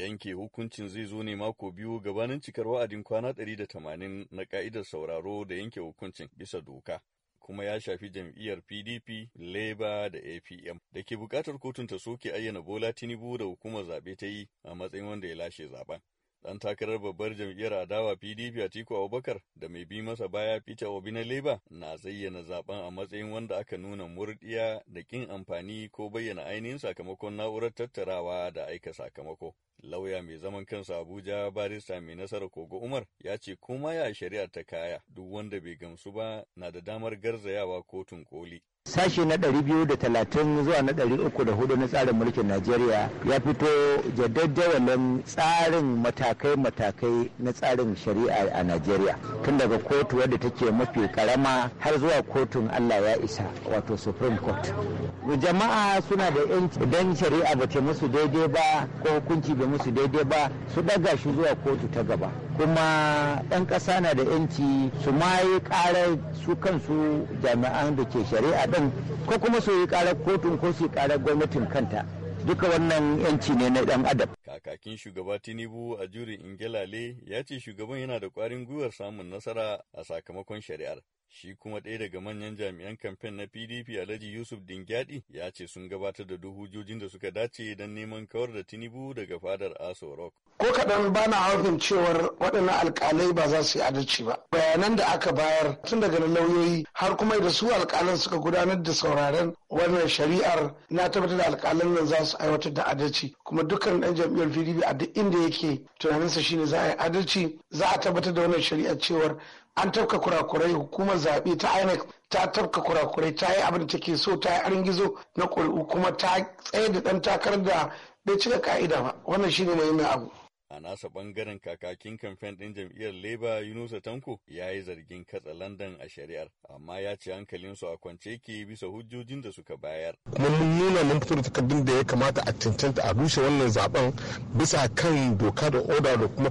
yanke hukuncin zai zo ne mako biyu gabanin cikar wa'adin kwana 180 na ka'idar sauraro da yanke hukuncin bisa doka. kuma ya shafi jam'iyyar PDP, Labour da APM da ke bukatar kotun ta soke ayyana Bola Tinubu da hukumar zaɓe ta yi a matsayin wanda ya lashe zaben. Ɗan takarar babbar jam'iyyar adawa PDP a Atiku Abubakar da mai bi masa baya Peter Obi na Labour na zayyana zaben a matsayin wanda aka nuna murɗiya da ƙin amfani ko bayyana ainihin sakamakon na'urar tattarawa da aika sakamako. Lauya mai zaman kansa Abuja barista mai nasara Kogo Umar ya ce koma ya shari'ar ta kaya duk wanda bai gamsu ba na da damar garzayawa kotun koli. Sashi na 230 zuwa na 304 na tsarin mulkin Najeriya ya fito jaddadawalin tsarin matakai-matakai na tsarin shari'a a Najeriya. Tun daga kotu wadda take mafi karama har zuwa kotun Allah ya isa wato Supreme Court. Jama'a suna da yanci idan shari'a ba ce musu daidai ba ko hukunci ba musu daidai ba su daga shi zuwa kotu ta gaba. kuma ɗan ƙasa na da yanci su ma yi ƙarar su kansu jami'an da ke shari'a ɗin ko kuma su yi ƙarar kotun ko su yi ƙarar gwamnatin kanta duka wannan yanci ne na ɗan adam. Kakakin shugaba Tinubu a jurin Ingilale ya ce shugaban yana da ƙwarin gwiwar samun nasara a sakamakon shari'ar. Shi kuma ɗaya daga manyan jami'an kamfen na PDP Alhaji Yusuf Dingyadi ya ce sun gabatar da duk da suka dace don neman kawar da Tinubu daga fadar Aso Rock. Ko kaɗan ba na harfin cewar waɗannan alƙalai ba za su yi adalci ba. Bayanan da aka bayar tun daga lauyoyi har kuma da su alƙalan suka gudanar da sauraren wannan shari'ar na tabbatar da alƙalin nan za su aiwatar da adalci kuma dukkan ɗan jam'iyyar pdp a duk inda yake tunaninsa shine za a yi adalci za a tabbatar da wannan shari'ar cewar an tafka kurakurai hukumar zaɓe ta inec ta tafka kurakurai ta yi abin da take so ta yi gizo na kuri'u kuma ta tsaye da ɗan takarar da bai cika ka'ida ba wannan shine muhimmin abu A nasa ɓangaren kakakin kamfen ɗin jam'iyyar Labour Yunusa Tanko ya yi zargin katsa London a shari'ar, amma ya ce hankalinsu a kwance ke bisa hujjojin da suka bayar. Kuma mun nuna mun fito da takardun da ya kamata a cancanta a rushe wannan zaben bisa kan doka da oda da kuma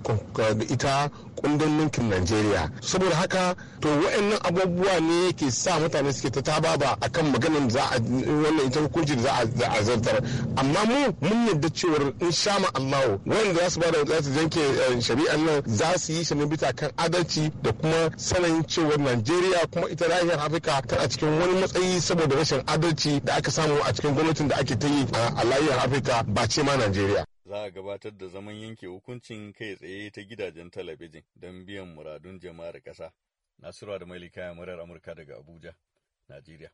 ita kundin mulkin Najeriya. Saboda haka to wa'annan abubuwa ne yake sa mutane suke ta tababa akan maganar za a wannan ita hukuncin za a zartar. Amma mu mun yarda cewar in sha ma wanda za su bada za su janke eh, shari'an nan za su yi shi bita kan adalci da kuma sanayin cewar najeriya kuma ita nahiyar afirka ta a cikin wani matsayi saboda rashin adalci da aka samu a cikin gwamnatin da ake ta yi a nahiyar afirka ba ce ma najeriya za a gabatar da zaman yanke hukuncin kai tsaye ta gidajen talabijin don biyan muradun jama'ar kasa Nasiru da Mailika ya murar Amurka daga Abuja, Najeriya.